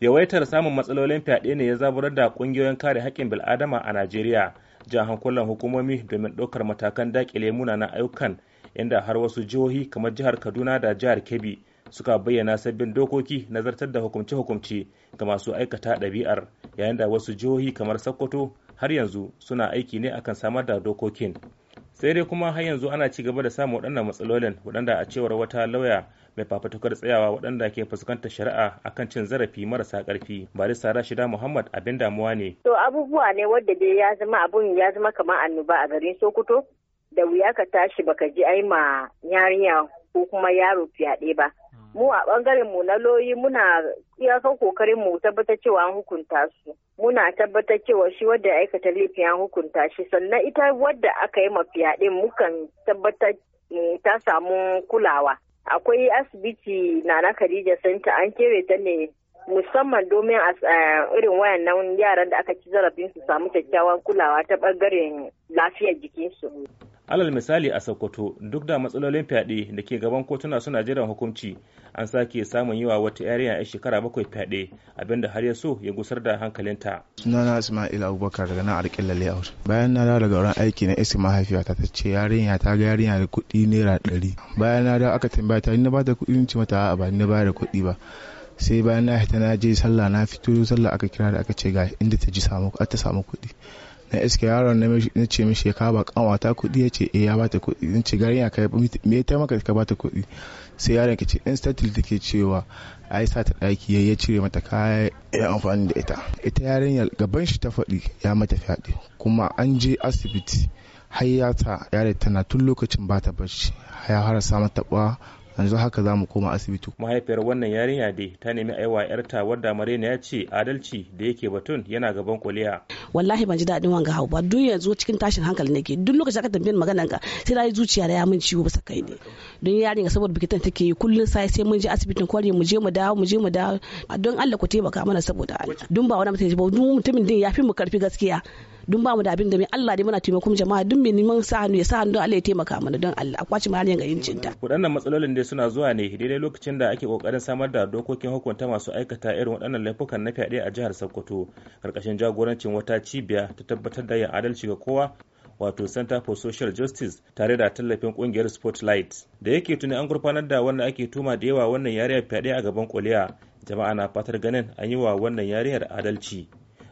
yawaitar samun matsalolin fyaɗe ne ya zaburar da ƙungiyoyin kare haƙƙin bil'adama a najeriya jan hankulan hukumomi domin ɗaukar matakan daƙile munanan ayyukan inda har wasu jihohi kamar jihar kaduna da jihar kebbi suka bayyana sabbin dokoki nazartar da hukumce-hukumce ga masu aikata ɗabi'ar yayin da wasu jihohi kamar sokoto har yanzu suna aiki ne akan samar da dokokin sai dai kuma har yanzu ana ci gaba da samun waɗannan matsalolin waɗanda a cewar wata lauya mai fafatukar tsayawa waɗanda ke fuskantar shari'a akan cin zarafi marasa ƙarfi barista rashida muhammad abin damuwa ne. to abubuwa ne wadda dai ya zama abun ya zama kamar annoba a garin sokoto da wuya ka tashi baka ji ai ma yarinya ko kuma yaro fyaɗe ba mu a bangaren mu na loyi muna iyakar kokarin mu tabbatar cewa an hukunta su muna tabbatar cewa shi wadda aikata laifin an hukunta shi sannan ita wadda aka yi mafiya din mukan tabbatar ta samu kulawa akwai asibiti na na Khadija Center an kere ta ne musamman domin a irin nan yaran da aka ci zarafin su samu kyakkyawan kulawa ta bangaren lafiyar jikinsu. alal misali a sokoto duk da matsalolin fyaɗe da ke gaban kotuna suna jiran hukunci an sake samun yiwa wata yarinya a shekara bakwai fyaɗe abinda har ya so ya gusar da hankalinta sunana ismail abubakar daga nan alƙilla layout bayan na dawo daga wurin aiki na isi mahaifiyata ta ce yarinya ta ga yarinya da kuɗi naira ɗari bayan na dawo aka tambaya ta ni na ba da kuɗi ce mata ba ni na ba da kuɗi ba sai bayan na fita na je sallah na fito sallah aka kira da aka ce ga inda ta ji samu ta samu kuɗi na iske yaron na ce mishi ya kaba kanwata kuɗi ya ce eh ya bata kuɗi in ce garin ya kai me ya taimaka ka bata kuɗi sai yaron ke ce instantly ke cewa ai sa ta ɗaki ya cire mata kaya ya amfani da ita ita yarinyar gaban shi ta faɗi ya mata fyaɗe kuma an je asibiti har ya ta yare tana tun lokacin ba ta bacci ya harasa mata ba yanzu haka za mu koma asibiti. mahaifiyar wannan yarinya dai ta nemi aiwa yarta wadda maraina ya ce adalci da yake batun yana gaban kuliya wallahi ban ji daɗin wanga hau ba duk yanzu cikin tashin hankali nake duk lokacin aka tambayi maganan ka sai na yi zuciya da ya min ciwo sa kai ne don yarin ga saboda bikitan take yi kullun sai sai mun je asibitin kwari mu je mu dawo mu je mu dawo don Allah ku taimaka mana saboda Allah dun ba wani mutum ba mutumin din ya fi mu karfi gaskiya dun ba mu da abin da mai Allah dai muna taimakon jama'a dun mai neman sa hannu ya sa hannu Allah ya taimaka mana don Allah a kwaci mahallin ga yancin ta waɗannan matsalolin dai suna zuwa ne daidai lokacin da ake kokarin samar da dokokin hukunta masu aikata irin waɗannan laifukan na fyaɗe a jihar Sokoto karkashin jagorancin wata cibiya ta tabbatar da yin adalci ga kowa wato center for social justice tare da tallafin kungiyar spotlight da yake tuni an gurfanar da wannan ake tuma da yawa wannan yariyar fyaɗe a gaban kuliya jama'a na fatar ganin an yi wa wannan yariyar adalci